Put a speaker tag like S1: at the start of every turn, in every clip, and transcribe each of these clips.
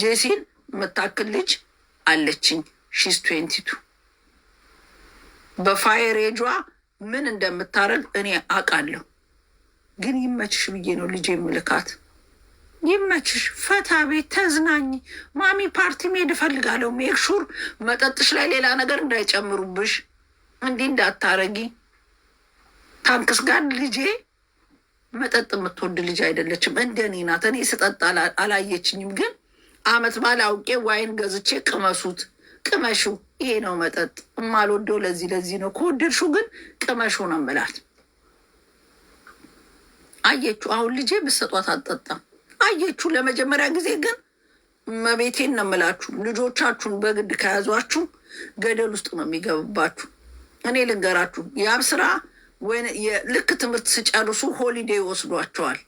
S1: ጄሲን የምታክል ልጅ አለችኝ። ሺስ ትዌንቲቱ በፋየር ኤጇ ምን እንደምታረግ እኔ አውቃለሁ። ግን ይመችሽ ብዬ ነው ልጅ የምልካት። ይመችሽ፣ ፈታ ቤት ተዝናኝ። ማሚ ፓርቲ መሄድ እፈልጋለሁ። ሜክ ሹር መጠጥሽ ላይ ሌላ ነገር እንዳይጨምሩብሽ፣ እንዲህ እንዳታረጊ። ታንክስ ጋር ልጄ መጠጥ የምትወድ ልጅ አይደለችም። እንደኔ ናት። እኔ ስጠጣ አላየችኝም ግን አመት ባል አውቄ ዋይን ገዝቼ ቅመሱት፣ ቅመሹ፣ ይሄ ነው መጠጥ እማልወደው ለዚህ ለዚህ ነው፣ ከወደድሹ ግን ቅመሹ ነው የምላት። አየችሁ፣ አሁን ልጄ ብሰጧት አጠጣም። አየችሁ፣ ለመጀመሪያ ጊዜ ግን መቤቴን ነው የምላችሁ፣ ልጆቻችሁን በግድ ከያዟችሁ ገደል ውስጥ ነው የሚገብባችሁ። እኔ ልንገራችሁ፣ ያብ ስራ ልክ ትምህርት ስጨርሱ ሆሊዴ ይወስዷቸዋል።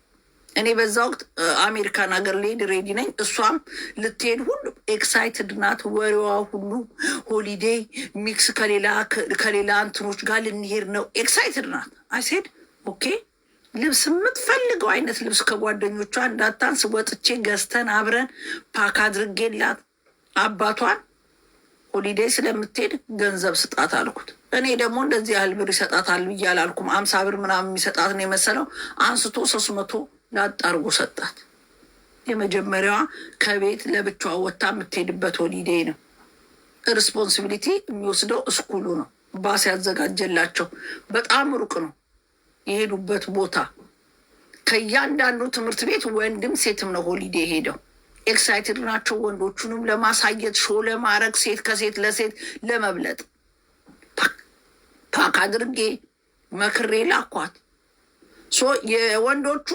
S1: እኔ በዛ ወቅት አሜሪካን ሀገር ልሄድ ሬዲ ነኝ። እሷም ልትሄድ ሁሉ ኤክሳይትድ ናት። ወሬዋ ሁሉ ሆሊዴይ ሚክስ ከሌላ እንትኖች ጋር ልንሄድ ነው። ኤክሳይትድ ናት። አይሴድ ኦኬ ልብስ የምትፈልገው አይነት ልብስ ከጓደኞቿ እንዳታንስ ወጥቼ ገዝተን አብረን ፓክ አድርጌላት አባቷን ሆሊዴይ ስለምትሄድ ገንዘብ ስጣት አልኩት። እኔ ደግሞ እንደዚህ ያህል ብር ይሰጣታል ብዬ አላልኩም። አምሳ ብር ምናምን የሚሰጣት ነው የመሰለው አንስቶ ሶስት መቶ አርጎ ሰጣት። የመጀመሪያዋ ከቤት ለብቻዋ ወታ የምትሄድበት ሆሊዴ ነው። ሪስፖንሲቢሊቲ የሚወስደው እስኩሉ ነው። ባስ ያዘጋጀላቸው በጣም ሩቅ ነው የሄዱበት ቦታ። ከእያንዳንዱ ትምህርት ቤት ወንድም ሴትም ነው ሆሊዴ ሄደው ኤክሳይትድ ናቸው። ወንዶቹንም ለማሳየት ሾ ለማድረግ ሴት ከሴት ለሴት ለመብለጥ ፓክ አድርጌ መክሬ ላኳት። የወንዶቹ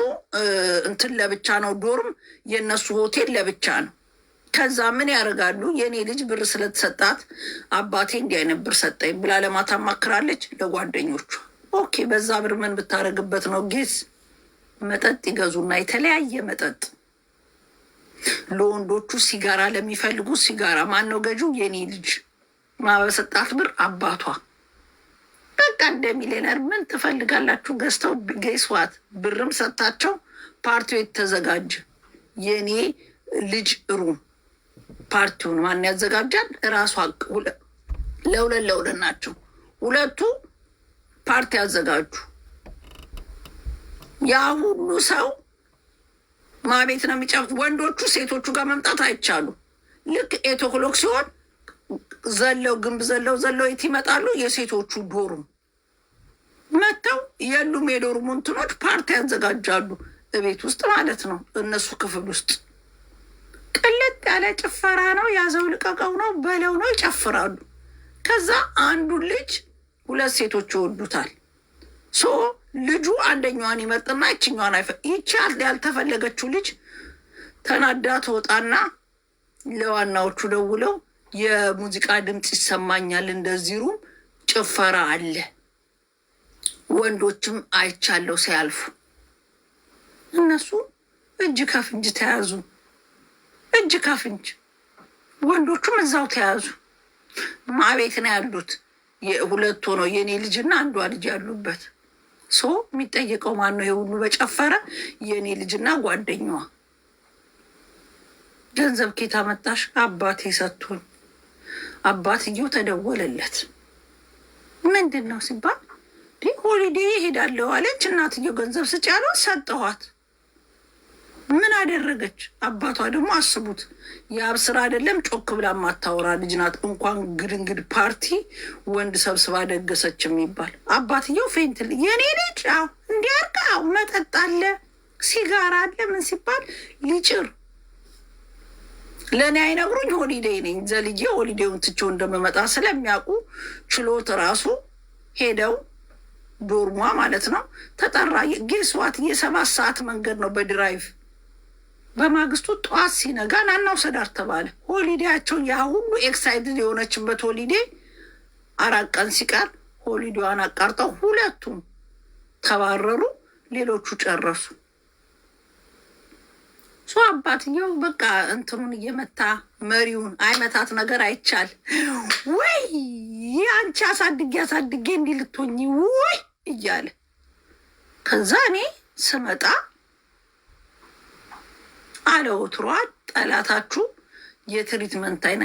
S1: እንትን ለብቻ ነው ዶርም፣ የእነሱ ሆቴል ለብቻ ነው። ከዛ ምን ያደርጋሉ? የእኔ ልጅ ብር ስለተሰጣት አባቴ እንዲህ አይነት ብር ሰጠኝ ብላ ለማታማክራለች ለጓደኞቹ። ኦኬ፣ በዛ ብር ምን ብታደርግበት ነው? ጌስ መጠጥ ይገዙና የተለያየ መጠጥ ለወንዶቹ ሲጋራ ለሚፈልጉ ሲጋራ ማን ነው ገዢው? የኔ ልጅ ማበሰጣት ብር አባቷ በቃ እንደ ሚሊዮነር ምን ትፈልጋላችሁ? ገዝተው ገይስዋት ብርም ሰጥታቸው ፓርቲው የተዘጋጀ የእኔ ልጅ ሩም ፓርቲውን ማን ያዘጋጃል? እራሷ ለሁለት ለሁለት ናቸው። ሁለቱ ፓርቲ ያዘጋጁ። ያ ሁሉ ሰው ማቤት ነው የሚጨፍት። ወንዶቹ ሴቶቹ ጋር መምጣት አይቻሉ። ልክ ኤቶክሎክ ሲሆን ዘለው ግንብ ዘለው ዘለው የት ይመጣሉ? የሴቶቹ ዶርም መጥተው የሉም የዶርሙ እንትኖች ፓርቲ ያዘጋጃሉ እቤት ውስጥ ማለት ነው። እነሱ ክፍል ውስጥ ቅልጥ ያለ ጭፈራ ነው። ያዘው ልቀቀው ነው በለው ነው ይጨፍራሉ። ከዛ አንዱ ልጅ ሁለት ሴቶች ይወዱታል። ሶ ልጁ አንደኛዋን ይመርጥና ይችኛዋን አይፈ ይቺ ያልተፈለገችው ልጅ ተናዳ ትወጣና ለዋናዎቹ ደውለው የሙዚቃ ድምፅ ይሰማኛል እንደዚህ ሩም ጭፈራ አለ ወንዶችም አይቻለው ሲያልፉ እነሱ እጅ ከፍንጅ ተያዙ፣ እጅ ከፍንጅ ወንዶቹም እዛው ተያዙ። ማቤት ነው ያሉት ሁለት ሆነው የእኔ ልጅና አንዷ ልጅ ያሉበት ሶ የሚጠየቀው ማን ነው? የሁሉ በጨፈረ የእኔ ልጅና ጓደኛዋ ገንዘብ ኬታ መጣሽ? አባቴ ሰጥቶኝ። አባትየው ተደወለለት ምንድን ነው ሲባል ሆሊዴ ይሄዳለሁ አለች። እናትየው ገንዘብ ስጭ ያለው ሰጠኋት። ምን አደረገች? አባቷ ደግሞ አስቡት፣ የአብስራ ስራ አይደለም። ጮክ ብላ ማታወራ ልጅ ናት። እንኳን ግድንግድ ፓርቲ ወንድ ሰብስባ ደገሰች የሚባል አባትየው ፌንትል የኔ ልጅ ው ው መጠጥ አለ፣ ሲጋራ አለ፣ ምን ሲባል ሊጭር ለእኔ አይነግሩኝ። ሆሊዴ ነኝ ዘልዬ ሆሊዴውን ትቼው እንደምመጣ ስለሚያውቁ ችሎት ራሱ ሄደው ዶርሟ ማለት ነው። ተጠራ። ጌስዋት የሰባት ሰዓት መንገድ ነው በድራይቭ በማግስቱ ጠዋት ሲነጋ ናናው ሰዳር ተባለ። ሆሊዴያቸውን ያ ሁሉ ኤክሳይትድ የሆነችበት ሆሊዴ አራት ቀን ሲቀር ሆሊዴዋን አቃርጠው ሁለቱም ተባረሩ። ሌሎቹ ጨረሱ። ሶ አባትየው በቃ እንትኑን እየመታ መሪውን አይመታት ነገር አይቻል ወይ አንቺ አሳድጌ አሳድጌ እንዲልቶኝ። ወይ እያለ ከዛ እኔ ስመጣ አለወትሯል ጠላታችሁ የትሪትመንት አይነ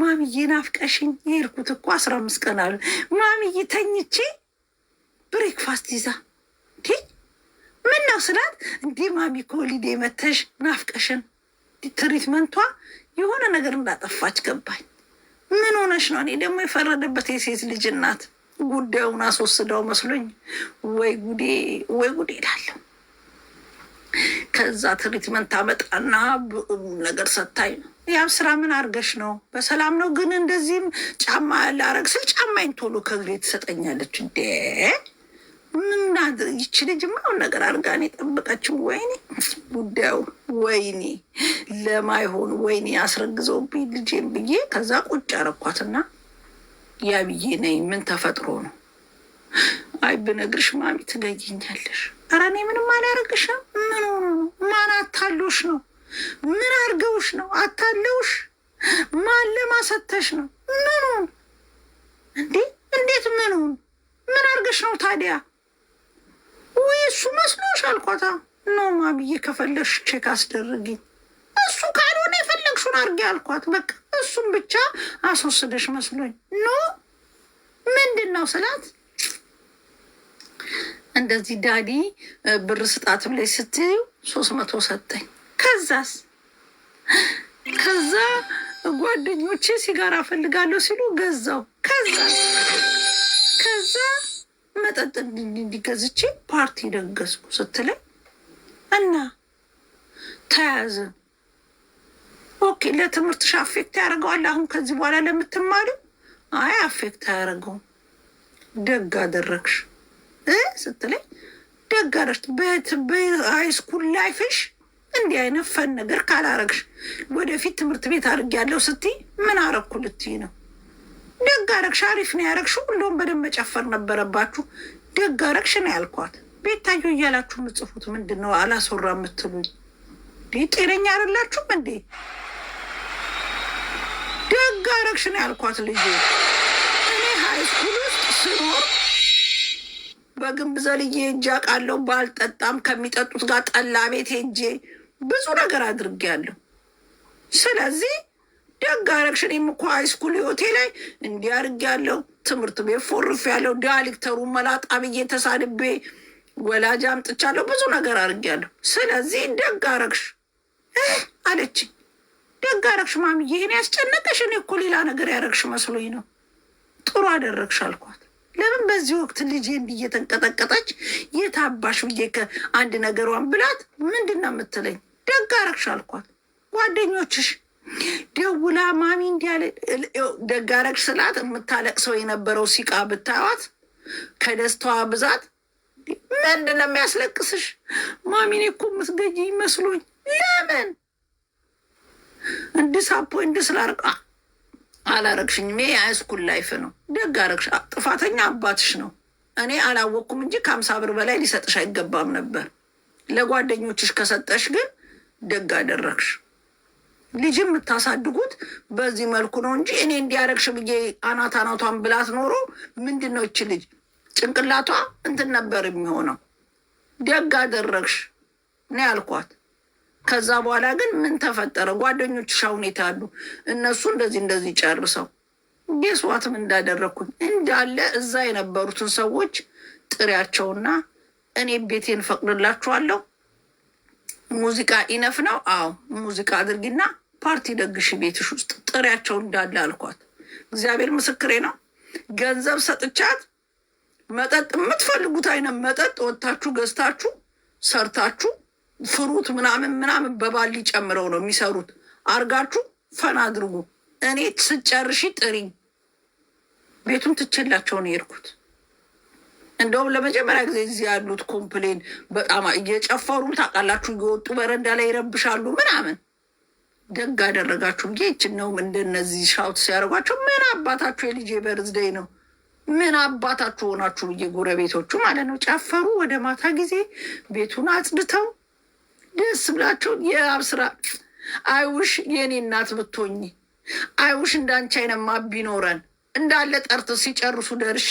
S1: ማምዬ ናፍቀሽኝ የሄድኩት እኮ አስራ አምስት ቀን አሉ ማምዬ ተኝቼ ብሬክፋስት ይዛ እንዲ ምን ነው ስላት፣ እንዲ ማሚ ኮሊዴ መተሽ ናፍቀሽን ትሪትመንቷ የሆነ ነገር እንዳጠፋች ገባኝ። ምን ሆነሽ ነው? እኔ ደግሞ የፈረደበት የሴት ልጅ እናት ጉዳዩን አስወስደው መስሎኝ ወይ ጉዴ ወይ ጉዴ እላለሁ። ከዛ ትሪትመንት አመጣና ነገር ሰታኝ ያም ስራ ምን አርገሽ ነው? በሰላም ነው ግን እንደዚህም ጫማ ላረግ ስል ጫማኝ ቶሎ ከግሬ ትሰጠኛለች። እንዴ ምና ይቺ ልጅ ማሁን ነገር አርጋን የጠበቀችው። ወይኔ ጉዳዩ ወይኔ ለማይሆን ወይኔ አስረግዘውብኝ ልጄን ብዬ ከዛ ቁጭ አረኳትና ያብዬ ነኝ። ምን ተፈጥሮ ነው? አይ ብነግርሽ ማሚ ትገኝኛለሽ። ኧረ እኔ ምንም አላረግሽም። ምን ሆኖ ነው? ማን አታሎሽ ነው? ምን አርገውሽ ነው? አታለውሽ ማን ለማሰተሽ ነው? ምን ሆኖ እንዴ? እንዴት ምን ሆኖ ምን አርገሽ ነው ታዲያ? ወይ እሱ መስሎሽ አልኳታ። ኖ ማብዬ ከፈለሽ ቼክ አስደርግኝ እሱ እሱን አድርጌ አልኳት። በቃ እሱን ብቻ አስወስደሽ መስሎኝ ኖ ምንድን ነው ስላት እንደዚህ ዳዲ ብር ስጣት ብለሽ ስትዩ ሶስት መቶ ሰጠኝ። ከዛስ ከዛ ጓደኞቼ ሲጋራ ፈልጋለሁ ሲሉ ገዛው። ከዛ ከዛ መጠጥ እንዲገዝቼ ፓርቲ ደገስኩ ስትለኝ እና ተያያዝን። ኦኬ፣ ለትምህርትሽ አፌክት ያደርገዋል። አሁን ከዚህ በኋላ ለምትማሪ አይ አፌክት አያደርገውም። ደግ አደረግሽ ስትለኝ ደግ አደረግሽ። በሃይስኩል ላይፍሽ እንዲህ አይነት ፈን ነገር ካላረግሽ ወደፊት ትምህርት ቤት አድርግ ያለው ስትይ ምን አረግኩ ልትይ ነው? ደግ አረግሽ፣ አሪፍ ነው ያረግሽ ሁሉም በደንብ መጨፈር ነበረባችሁ። ደግ አረግሽ ነው ያልኳት። ቤታዮ እያላችሁ የምጽፉት ምንድን ነው? አላስወራ የምትሉኝ ጤነኛ አይደላችሁም እንዴ? አረግሽ ነው ያልኳት ልጅ እኔ ሃይስኩል ውስጥ ስኖር በግንብ ዘልዬ እጅ አውቃለሁ። ባልጠጣም ከሚጠጡት ጋር ጠላ ቤት ሄጄ ብዙ ነገር አድርጌያለሁ። ስለዚህ ደግ አረግሽ። እኔም እኮ ሃይስኩል ህይወቴ ላይ እንዲህ አድርጌያለሁ። ትምህርት ቤት ፎርፍ ያለው ዳይሬክተሩ መላጣ ብዬ ተሳድቤ ወላጅ አምጥቻለሁ። ብዙ ነገር አድርጌያለሁ። ስለዚህ ደግ አረግሽ አለችኝ። ደግ አረግሽ ማምዬ፣ ይህን ያስጨነቀሽ እኔ እኮ ሌላ ነገር ያረግሽ መስሎኝ ነው። ጥሩ አደረግሽ አልኳት። ለምን በዚህ ወቅት ልጅ እንዲህ እየተንቀጠቀጠች የታባሽ ብዬ ከአንድ ነገሯን ብላት ምንድን ነው የምትለኝ? ደግ አረግሽ አልኳት። ጓደኞችሽ ደውላ ማሚ እንዲያለ ደግ አረግሽ ስላት የምታለቅሰው የነበረው ሲቃ ብታዩት ከደስታዋ ብዛት ምንድን ነው የሚያስለቅስሽ? ማሚኔ እኮ የምትገኝ ይመስሉኝ ለምን ዲስአፖይንት ስላርቃ አላረግሽኝም። ይሄ ሃይስኩል ላይፍ ነው። ደግ አረግሽ። ጥፋተኛ አባትሽ ነው። እኔ አላወቅኩም እንጂ ከአምሳ ብር በላይ ሊሰጥሽ አይገባም ነበር። ለጓደኞችሽ ከሰጠሽ ግን ደግ አደረግሽ። ልጅ የምታሳድጉት በዚህ መልኩ ነው እንጂ እኔ እንዲያረግሽ ብዬ አናት አናቷን ብላት ኖሮ ምንድን ነው ይች ልጅ ጭንቅላቷ እንትን ነበር የሚሆነው። ደግ አደረግሽ እኔ አልኳት። ከዛ በኋላ ግን ምን ተፈጠረ? ጓደኞች ሻውኔት አሉ። እነሱ እንደዚህ እንደዚህ ጨርሰው ጌስዋትም እንዳደረግኩኝ እንዳለ እዛ የነበሩትን ሰዎች ጥሪያቸውና እኔ ቤቴን ፈቅድላችኋለሁ። ሙዚቃ ኢነፍ ነው። አዎ ሙዚቃ አድርጊና ፓርቲ ደግሽ ቤትሽ ውስጥ ጥሪያቸው እንዳለ አልኳት። እግዚአብሔር ምስክሬ ነው። ገንዘብ ሰጥቻት መጠጥ የምትፈልጉት አይነት መጠጥ ወጥታችሁ ገዝታችሁ ሰርታችሁ ፍሩት ምናምን ምናምን በባሊ ጨምረው ነው የሚሰሩት። አርጋችሁ ፈን አድርጉ። እኔ ስጨርሺ ጥሪኝ። ቤቱን ትችላቸው ነው የሄድኩት። እንደውም ለመጀመሪያ ጊዜ እዚህ ያሉት ኮምፕሌን በጣም እየጨፈሩ ታውቃላችሁ፣ እየወጡ በረንዳ ላይ ይረብሻሉ ምናምን። ደግ አደረጋችሁ። ጌችን ነው እንደነዚህ ሻውት ሲያደርጓቸው ምን አባታችሁ የልጄ በርዝደይ ነው ምን አባታችሁ ሆናችሁ ብዬ ጎረቤቶቹ ማለት ነው ጨፈሩ። ወደ ማታ ጊዜ ቤቱን አጽድተው ደስ ብላቸውን የአብ ስራ አይውሽ የኔ እናት ብትሆኝ አይውሽ እንዳንቺ አይነማ ቢኖረን እንዳለ ጠርት ሲጨርሱ ደርሼ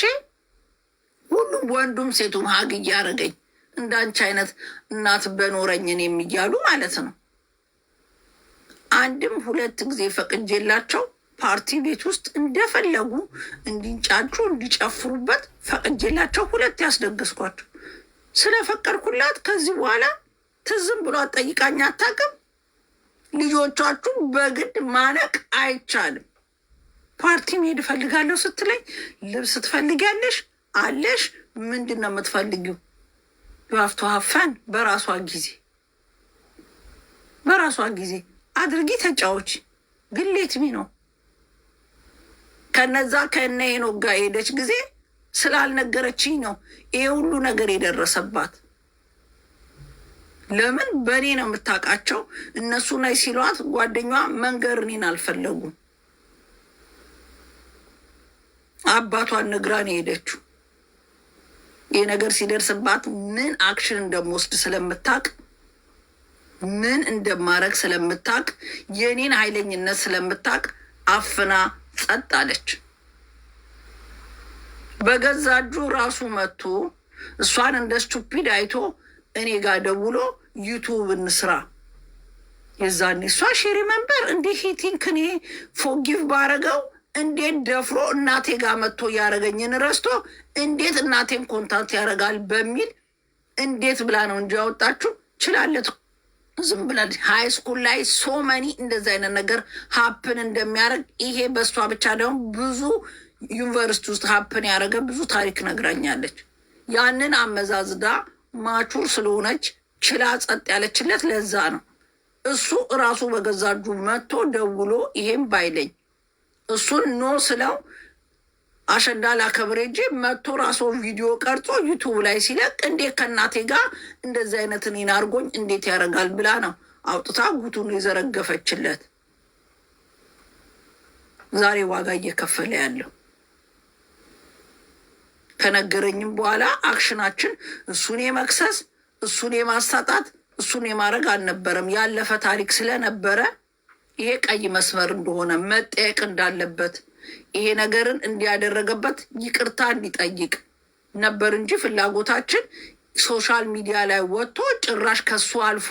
S1: ሁሉም ወንዱም ሴቱም ሀግ እያደረገኝ እንዳንቺ አይነት እናት በኖረኝን የሚያሉ ማለት ነው። አንድም ሁለት ጊዜ ፈቅጄላቸው ፓርቲ ቤት ውስጥ እንደፈለጉ እንዲንጫጩ እንዲጨፍሩበት ፈቅጄላቸው ሁለት ያስደገስኳቸው ስለፈቀድኩላት ከዚህ በኋላ ትዝም ብሎ ጠይቃኝ አታውቅም። ልጆቻችሁ በግድ ማነቅ አይቻልም። ፓርቲ መሄድ እፈልጋለሁ ስትለኝ ልብስ ትፈልጊያለሽ አለሽ ምንድን ነው የምትፈልጊው? ዩሀፍቶ ሀፈን በራሷ ጊዜ በራሷ ጊዜ አድርጊ ተጫዎች ግሌት ሚ ነው ከነዛ ከነ ሄኖክ ጋር ሄደች ጊዜ ስላልነገረችኝ ነው ይሄ ሁሉ ነገር የደረሰባት። ለምን በእኔ ነው የምታውቃቸው። እነሱ ናይ ሲሏት ጓደኛ መንገር እኔን አልፈለጉም። አባቷን ነግራ ነው የሄደችው። ይህ ነገር ሲደርስባት ምን አክሽን እንደምወስድ ስለምታቅ ምን እንደማረግ ስለምታቅ የእኔን ኃይለኝነት ስለምታቅ አፍና ጸጥ አለች። በገዛ እጁ ራሱ መጥቶ እሷን እንደ ስቱፒድ አይቶ እኔ ጋር ደውሎ ዩቱብ እንስራ የዛኔ እሷ ሽሪ መንበር እንዲህ ሂቲንክኔ ፎጊቭ ባረገው እንዴት ደፍሮ እናቴ ጋር መጥቶ እያደረገኝን ረስቶ እንዴት እናቴን ኮንታክት ያደርጋል በሚል እንዴት ብላ ነው እንጂ ያወጣችሁ ችላለት ዝም ብለን ሀይ ስኩል ላይ መኒ እንደዚ አይነት ነገር ሀፕን እንደሚያደርግ ይሄ በእሷ ብቻ ደግሞ ብዙ ዩኒቨርሲቲ ውስጥ ሀፕን ያደረገ ብዙ ታሪክ ነግራኛለች። ያንን አመዛዝዳ ማቹር ስለሆነች ችላ ጸጥ ያለችለት ለዛ ነው። እሱ እራሱ በገዛ እጁ መጥቶ ደውሎ ይሄም ባይለኝ እሱን ኖ ስለው አሸንዳ ላከብር እንጂ መጥቶ ራሱን ቪዲዮ ቀርጾ ዩቱብ ላይ ሲለቅ እንዴት ከእናቴ ጋር እንደዚህ አይነት እኔን አድርጎኝ እንዴት ያደርጋል ብላ ነው አውጥታ ጉቱን የዘረገፈችለት። ዛሬ ዋጋ እየከፈለ ያለው ከነገረኝም በኋላ አክሽናችን እሱን የመክሰስ እሱን የማሳጣት እሱን የማድረግ አልነበረም። ያለፈ ታሪክ ስለነበረ ይሄ ቀይ መስመር እንደሆነ መጠየቅ እንዳለበት ይሄ ነገርን እንዲያደረገበት ይቅርታ እንዲጠይቅ ነበር እንጂ ፍላጎታችን ሶሻል ሚዲያ ላይ ወጥቶ ጭራሽ ከሱ አልፎ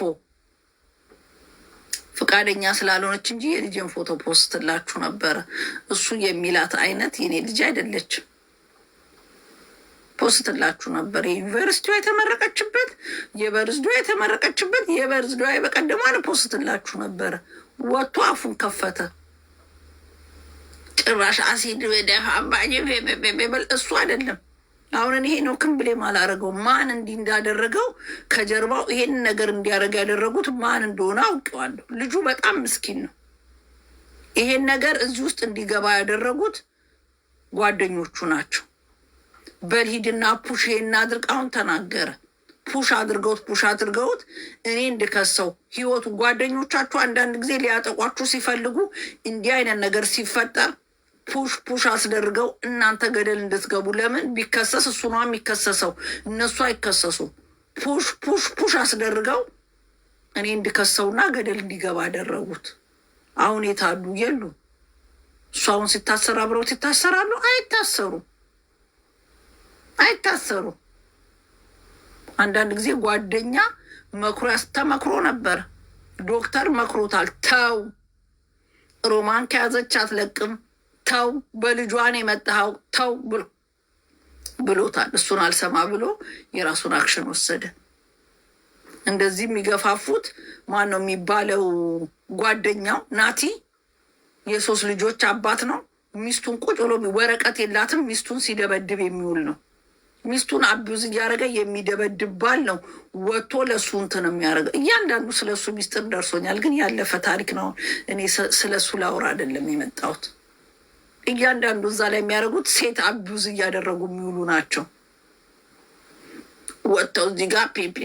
S1: ፈቃደኛ ስላልሆነች እንጂ የልጅን ፎቶ ፖስትላችሁ ነበረ። እሱ የሚላት አይነት የኔ ልጅ አይደለችም። ፖስትላችሁ ነበር። የዩኒቨርሲቲዋ የተመረቀችበት የበርዝዶ የተመረቀችበት የበርዝዶ የበቀደሟን ፖስትላችሁ ነበረ። ወጥቶ አፉን ከፈተ። ጭራሽ አሲድ በደበል እሱ አይደለም። አሁን ይሄ ነው ክምብሌም አላረገው። ማን እንዲህ እንዳደረገው ከጀርባው ይሄን ነገር እንዲያደረግ ያደረጉት ማን እንደሆነ አውቀዋለሁ። ልጁ በጣም ምስኪን ነው። ይሄን ነገር እዚህ ውስጥ እንዲገባ ያደረጉት ጓደኞቹ ናቸው። በልሂድና ፑሽ እናድርግ። አሁን ተናገረ። ፑሽ አድርገውት ፑሽ አድርገውት እኔ እንድከሰው ህይወቱ ጓደኞቻችሁ አንዳንድ ጊዜ ሊያጠቋችሁ ሲፈልጉ እንዲህ አይነት ነገር ሲፈጠር ፑሽ ፑሽ አስደርገው እናንተ ገደል እንድትገቡ። ለምን ቢከሰስ እሱ ነው የሚከሰሰው፣ እነሱ አይከሰሱም። ፑሽ ፑሽ ፑሽ አስደርገው እኔ እንድከሰውና ገደል እንዲገባ አደረጉት። አሁን የታሉ የሉ? እሱ አሁን ሲታሰር አብረውት ይታሰራሉ? አይታሰሩም። አይታሰሩ። አንዳንድ ጊዜ ጓደኛ መክሮ ያስተመክሮ ነበር። ዶክተር መክሮታል። ተው ሮማን ከያዘች አትለቅም፣ ተው በልጇን የመጣኸው ተው ብሎ ብሎታል። እሱን አልሰማ ብሎ የራሱን አክሽን ወሰደ። እንደዚህ የሚገፋፉት ማን ነው የሚባለው? ጓደኛው ናቲ የሶስት ልጆች አባት ነው። ሚስቱን ቁጭ ብሎ ወረቀት የላትም። ሚስቱን ሲደበድብ የሚውል ነው። ሚስቱን አቢዩዝ እያደረገ የሚደበድባል ነው ወጥቶ ለሱ እንትን የሚያደርገው። እያንዳንዱ ስለ እሱ ሚስጥር ደርሶኛል፣ ግን ያለፈ ታሪክ ነው። እኔ ስለ እሱ ላውራ አይደለም የመጣሁት። እያንዳንዱ እዛ ላይ የሚያደርጉት ሴት አቢዩዝ እያደረጉ የሚውሉ ናቸው። ወጥተው እዚህ ጋር ፒፒ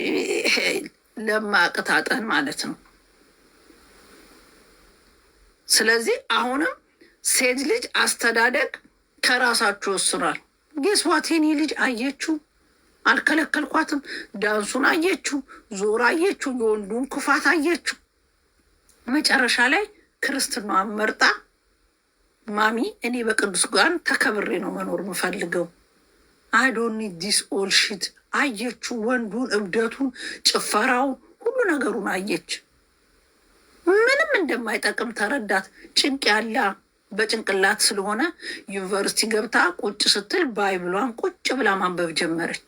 S1: ለማቅታጠን ማለት ነው። ስለዚህ አሁንም ሴት ልጅ አስተዳደግ ከራሳችሁ ወስኗል። ጌስዋት የኔ ልጅ አየችው። አልከለከልኳትም። ዳንሱን አየችው፣ ዞር አየችው፣ የወንዱን ክፋት አየችው። መጨረሻ ላይ ክርስትናዋን መርጣ ማሚ እኔ በቅዱስ ጋር ተከብሬ ነው መኖር የምፈልገው። አይዶኒ ዲስ ኦልሽት አየችው። ወንዱን፣ እብደቱን፣ ጭፈራው፣ ሁሉ ነገሩን አየች። ምንም እንደማይጠቅም ተረዳት። ጭንቅ ያለ በጭንቅላት ስለሆነ ዩኒቨርሲቲ ገብታ ቁጭ ስትል ባይብሏን ቁጭ ብላ ማንበብ ጀመረች።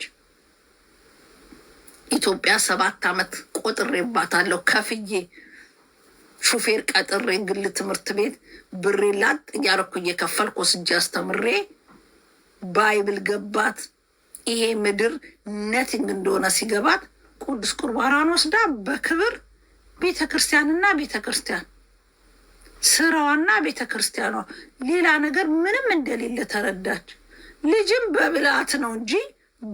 S1: ኢትዮጵያ ሰባት ዓመት ቆጥሬባታለሁ ከፍዬ ሹፌር ቀጥሬ ግል ትምህርት ቤት ብሬ ላጥ እያረኩ እየከፈልኩ ወስጄ አስተምሬ ባይብል ገባት። ይሄ ምድር ነቲንግ እንደሆነ ሲገባት ቅዱስ ቁርባኗን ወስዳ በክብር ቤተ ክርስቲያንና ቤተ ክርስቲያን ስራዋና ቤተ ክርስቲያኗ ሌላ ነገር ምንም እንደሌለ ተረዳች። ልጅም በብልሃት ነው እንጂ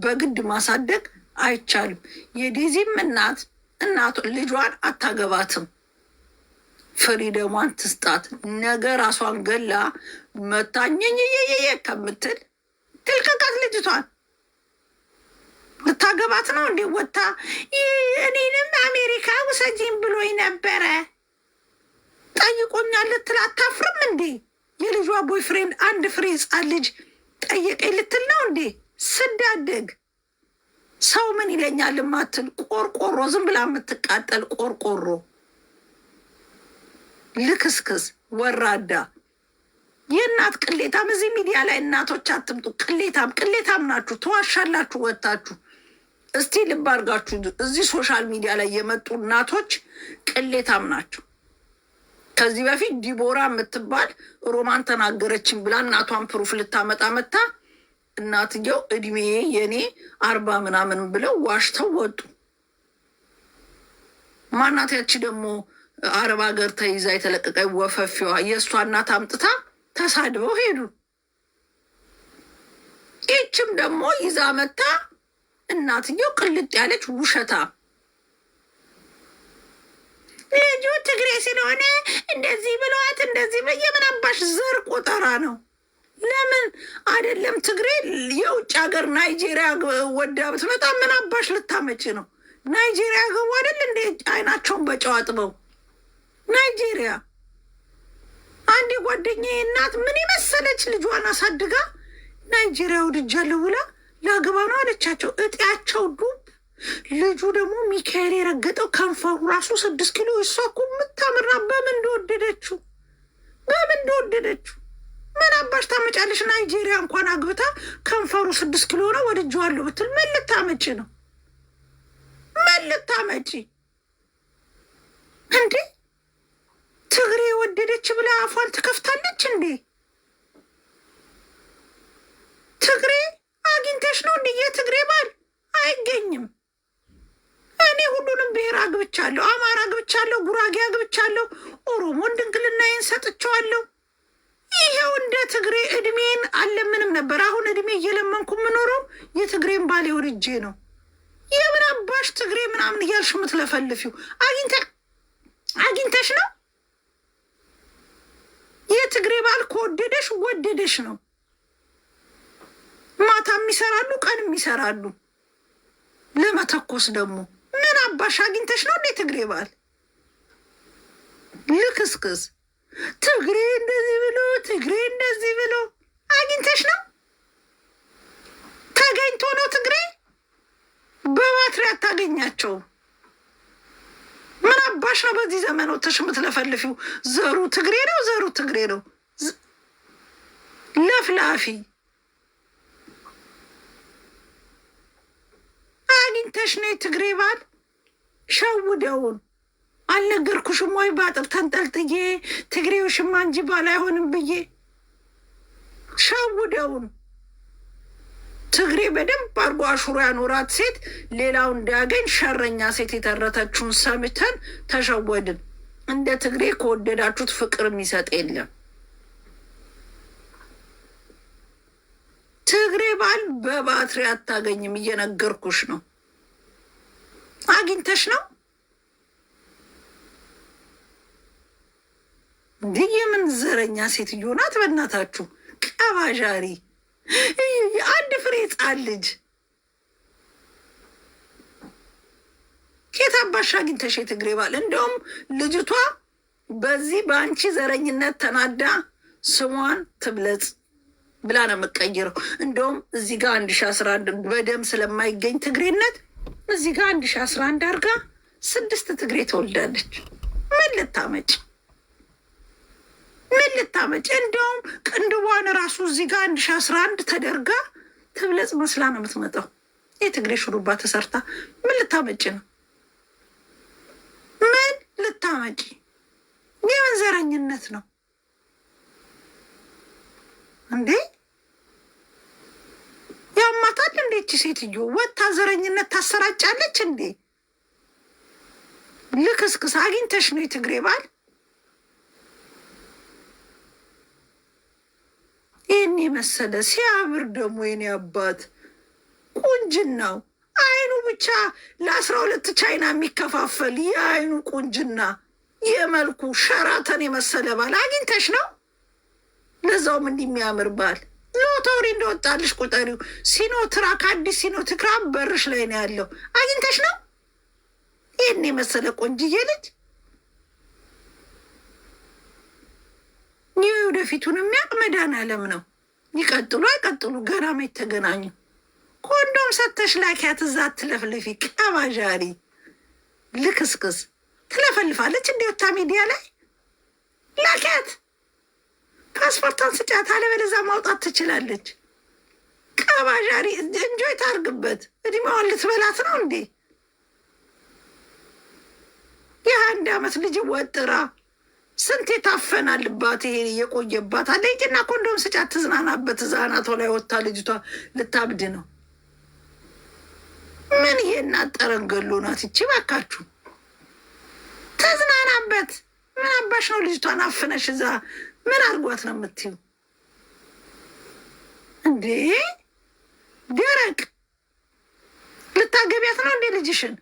S1: በግድ ማሳደግ አይቻልም። የዴዚም እናት እናቱ ልጇን አታገባትም፣ ፍሪደሟን ትስጣት። ነገ ራሷን ገላ መታኘኝየየየ ከምትል ትልቀቃት ልጅቷን። ልታገባት ነው እንዲወታ እኔንም አሜሪካ ውሰጂኝ ብሎኝ ነበረ ጠይቆኛል ልትል አታፍርም እንዴ? የልጇ ቦይፍሬንድ አንድ ፍሬ ህፃን ልጅ ጠየቀኝ ልትል ነው እንዴ? ስዳደግ ሰው ምን ይለኛል ማትል ቆርቆሮ፣ ዝም ብላ የምትቃጠል ቆርቆሮ፣ ልክስክስ፣ ወራዳ፣ የእናት ቅሌታም። እዚህ ሚዲያ ላይ እናቶች አትምጡ። ቅሌታም ቅሌታም ናችሁ፣ ተዋሻላችሁ ወታችሁ እስቲ ልብ አድርጋችሁ እዚህ ሶሻል ሚዲያ ላይ የመጡ እናቶች ቅሌታም ናቸው። ከዚህ በፊት ዲቦራ የምትባል ሮማን ተናገረችን ብላ እናቷን ፕሩፍ ልታመጣ መታ እናትየው እድሜ የኔ አርባ ምናምን ብለው ዋሽተው ወጡ። ማናት ያቺ ደግሞ አረብ ሀገር ተይዛ የተለቀቀ ወፈፊዋ የእሷ እናት አምጥታ ተሳድበው ሄዱ። ይችም ደግሞ ይዛ መታ እናትየው ቅልጥ ያለች ውሸታ ልጁ ትግሬ ስለሆነ እንደዚህ ብለዋት እንደዚህ የምን አባሽ ዘር ቆጠራ ነው? ለምን አይደለም ትግሬ የውጭ ሀገር ናይጄሪያ ወዳ ብትመጣ ምን አባሽ ልታመጭ ነው? ናይጄሪያ ገቡ አይደል እንደ አይናቸውን በጨው አጥበው ናይጄሪያ። አንድ የጓደኛዬ እናት ምን የመሰለች ልጇን አሳድጋ ናይጄሪያ ውድጃ ብላ ላግባ ነው አለቻቸው። እጤያቸው ዱብ ልጁ ደግሞ ሚካኤል የረገጠው ከንፈሩ ራሱ ስድስት ኪሎ እሷ እኮ የምታምራ በምን እንደወደደችው በምን እንደወደደችው ምን አባሽ ታመጫለሽ? ናይጄሪያ እንኳን አግብታ ከንፈሩ ስድስት ኪሎ ነው ወድጄዋለሁ ብትል ምን ልታመጪ ነው? ምን ልታመጪ እንዴ? ትግሬ የወደደች ብላ አፏን ትከፍታለች እንዴ? ትግሬ አግኝተሽ ነው እንዲየ ትግሬ ባል አግብቻለሁ፣ አማራ አግብቻለሁ፣ ጉራጌ አግብቻለሁ፣ ኦሮሞን ድንግልናዬን ሰጥቼዋለሁ። ይኸው እንደ ትግሬ እድሜን አለምንም ነበር። አሁን እድሜ እየለመንኩ የምኖረው የትግሬን ባሌ ወድጄ ነው። የምን አባሽ ትግሬ ምናምን እያልሽ የምትለፈልፊው አግኝተሽ ነው። የትግሬ ባል ከወደደሽ ወደደሽ ነው። ማታም ይሰራሉ፣ ቀንም ይሰራሉ። ለመተኮስ ደግሞ ምን አባሽ አግኝተሽ ነው እንዴ ትግሬ ባል ልክስክስ ትግሬ እንደዚህ ብሎ ትግሬ እንደዚህ ብሎ አግኝተሽ ነው ተገኝቶ ነው ትግሬ በባትሪ አታገኛቸው ምን አባሽ ነው በዚህ ዘመን ወተሽ የምትለፈልፊው ዘሩ ትግሬ ነው ዘሩ ትግሬ ነው ለፍላፊ አግኝተሽ ነው ትግሬ ባል ሸውደውን አልነገርኩሽም ወይ? በአጥር ተንጠልጥዬ ትግሬውሽማ እንጂ ባል አይሆንም ብዬ ሸውደውን። ትግሬ በደንብ አርጎ አሹሮ ያኖራት ሴት ሌላው እንዳያገኝ ሸረኛ ሴት የተረተችውን ሰምተን ተሸወድን። እንደ ትግሬ ከወደዳችሁት ፍቅር የሚሰጥ የለም። ትግሬ ባል በባትሪ አታገኝም፣ እየነገርኩሽ ነው። አግኝተሽ ነው እንዲህ የምን ዘረኛ ሴትዮ ናት? በእናታችሁ ቀባዣሪ አንድ ፍሬ ጻን ልጅ ኬት አባሽ አግኝተሽ የትግሬ ባል። እንዲሁም ልጅቷ በዚህ በአንቺ ዘረኝነት ተናዳ ስሟን ትብለጽ ብላ ነው የምቀይረው። እንደውም እዚህ ጋር አንድ ሺ አስራ አንድ በደም ስለማይገኝ ትግሬነት እዚህ ጋር አንድ ሺ አስራ አንድ አድርጋ ስድስት ትግሬ ተወልዳለች። ምን ልታመጭ ምን ልታመጭ? እንዲሁም ቅንድቧን ራሱ እዚህ ጋር አንድ ሺ አስራ አንድ ተደርጋ ትብለጽ መስላ ነው የምትመጣው። የትግሬ ሹሩባ ተሰርታ ምን ልታመጭ ነው? ምን ልታመጭ? የመንዘረኝነት ነው እንዴ? ያማታል እንዴ? ይቺ ሴትዮ ወታ ዘረኝነት ታሰራጫለች እንዴ? ልክስክስ አግኝተሽ ነው የትግሬ ባል ይህን የመሰለ ሲያምር ደግሞ የኔ አባት ቁንጅናው አይኑ ብቻ ለአስራ ሁለት ቻይና የሚከፋፈል የአይኑ ቁንጅና የመልኩ ሸራተን የመሰለ ባል አግኝተሽ ነው ለዛውም እንዲህ የሚያምር ባል ሎተሪ እንደወጣልሽ ቁጠሪው። ሲኖትራክ አዲስ ሲኖትራክ በርሽ ላይ ነው ያለው። አግኝተሽ ነው ይህን የመሰለ ቆንጅዬ ልጅ። ይህ ወደፊቱን የሚያውቅ መድኃኒዓለም ነው። ይቀጥሉ አይቀጥሉ ገና መች ተገናኙ። ኮንዶም ሰተሽ ላኪያት። እዛ ትለፍለፊ ቀባዣሪ ልክስክስ ትለፈልፋለች። እንዲወታ ሚዲያ ላይ ላኪያት። ፓስፖርቷን ስጫት፣ አለበለዚያ ማውጣት ትችላለች። ቀባዣሪ እንጆይ ታርግበት። እድሜዋን ልትበላት ነው እንዴ? የአንድ ዓመት ልጅ ወጥራ ስንት የታፈናልባት ይሄ እየቆየባት አለ። ሂጂና ኮንዶም ስጫት፣ ትዝናናበት። ዛናቶ ላይ ወታ ልጅቷ ልታብድ ነው። ምን ይሄናት ጠረንገሎ ናት ይቺ! እባካችሁ ተዝናናበት። ምን አባሽ ነው ልጅቷን አፍነሽ እዛ ምን አድርጓት ነው የምትይው እንዴ? ደረቅ ልታገቢያት ነው እንዴ ልጅሽን?